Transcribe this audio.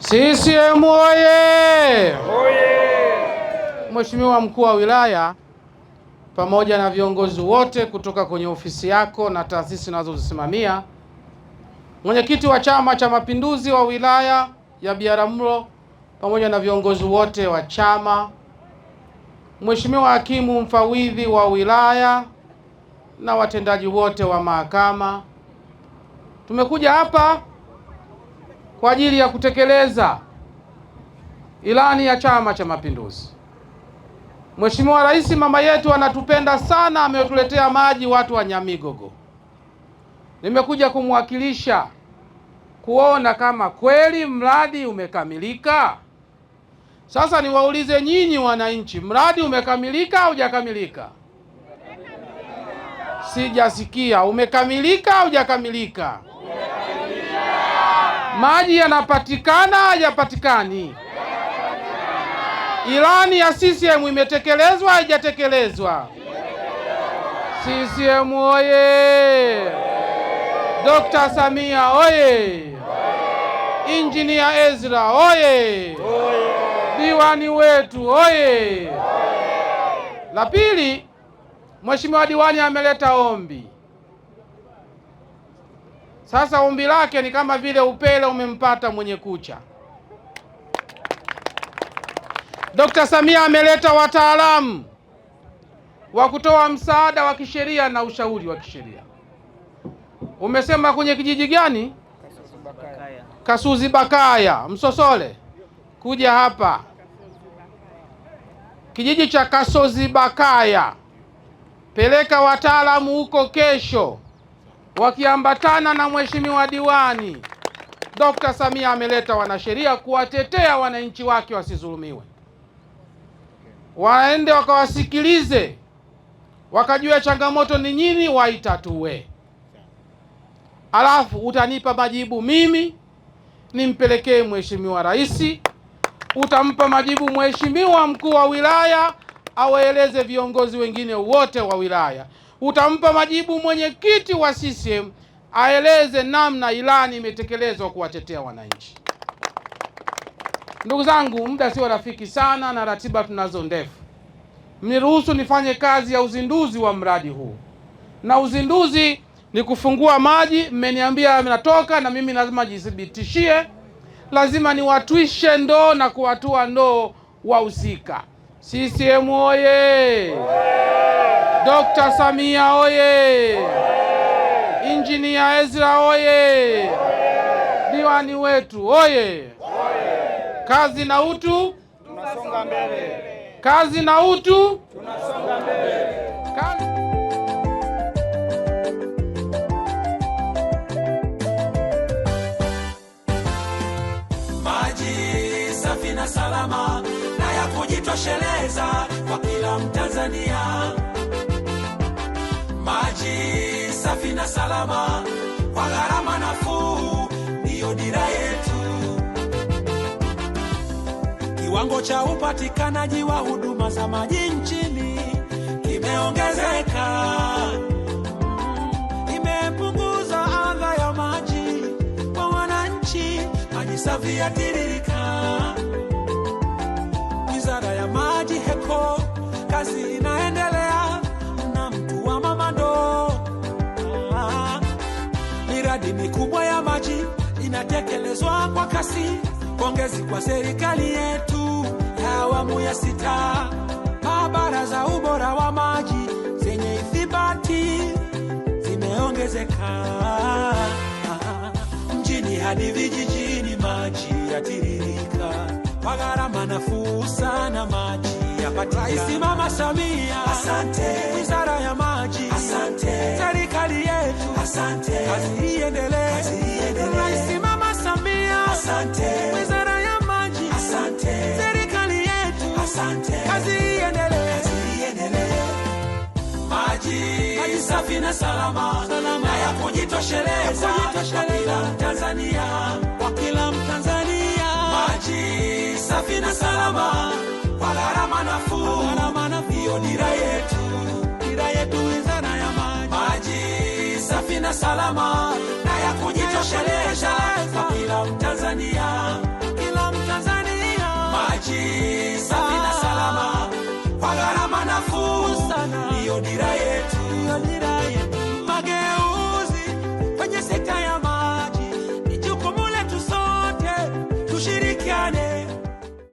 CCM oye! Mheshimiwa mkuu wa wilaya pamoja na viongozi wote kutoka kwenye ofisi yako na taasisi unazozisimamia, mwenyekiti wa Chama cha Mapinduzi wa wilaya ya Biharamulo pamoja na viongozi wote wa chama, Mheshimiwa hakimu mfawidhi wa wilaya na watendaji wote wa mahakama, tumekuja hapa kwa ajili ya kutekeleza ilani ya Chama cha Mapinduzi. Mheshimiwa Rais mama yetu anatupenda sana, ametuletea maji watu wa Nyamigogo. Nimekuja kumwakilisha kuona kama kweli mradi umekamilika. Sasa niwaulize nyinyi wananchi, mradi umekamilika au hujakamilika? Sijasikia, umekamilika au hujakamilika? maji yanapatikana hayapatikani? Ilani ya CCM imetekelezwa haijatekelezwa? CCM oye! Dr. Samia oye! Injinia Ezra oye! Diwani wetu oye! La pili, Mheshimiwa diwani ameleta ombi sasa ombi lake ni kama vile upele umempata mwenye kucha. Dkt. Samia ameleta wataalamu wa kutoa msaada wa kisheria na ushauri wa kisheria. Umesema kwenye kijiji gani? Kasuzi Bakaya, Kasuzi Bakaya, Msosole, kuja hapa kijiji cha Kasuzi Bakaya, peleka wataalamu huko kesho wakiambatana na mheshimiwa diwani Dkt. Samia ameleta wanasheria kuwatetea wananchi wake wasizulumiwe waende wakawasikilize, wakajua changamoto ni nini, waitatue, alafu utanipa majibu mimi nimpelekee mheshimiwa rais, utampa majibu mheshimiwa mkuu wa wilaya, awaeleze viongozi wengine wote wa wilaya utampa majibu mwenyekiti wa CCM aeleze namna ilani imetekelezwa kuwatetea wananchi. Ndugu zangu, muda sio rafiki sana na ratiba tunazo ndefu. Mniruhusu nifanye kazi ya uzinduzi wa mradi huu, na uzinduzi ni kufungua maji. Mmeniambia natoka, na mimi lazima jithibitishie, lazima niwatwishe ndoo na kuwatua ndoo wahusika. CCM oye! Dr. Samia oye! Injinia Ezra oye! Diwani wetu oye! Kazi na utu, tunasonga mbele. Kazi na utu, tunasonga mbele. Maji safi na salama na ya kujitosheleza kwa kila Mtanzania maji safi na salama kwa gharama nafuu, ndiyo dira yetu. Kiwango cha upatikanaji wa huduma za maji nchini kimeongezeka, imepunguza adha ya maji kwa wananchi. Maji safi yatiririka. Wizara ya Maji, heko kazi inatekelezwa kwa kasi. Pongezi kwa serikali yetu ya awamu ya sita. Maabara za ubora wa maji zenye ithibati zimeongezeka mjini hadi vijijini, maji yatiririka kwa gharama nafuu sana, maji Rais Mama Samia, asante. Wizara ya maji, asante. Serikali yetu, asante. Kazi iendelee. safi na salama, salama. na ya kujitosheleza kwa Tanzania, kwa kila Mtanzania, maji safi na salama kwa gharama nafuu, gharama hiyo ni dira yetu, dira yetu wizara ya maji, maji safi na salama na ya kujitosheleza Ati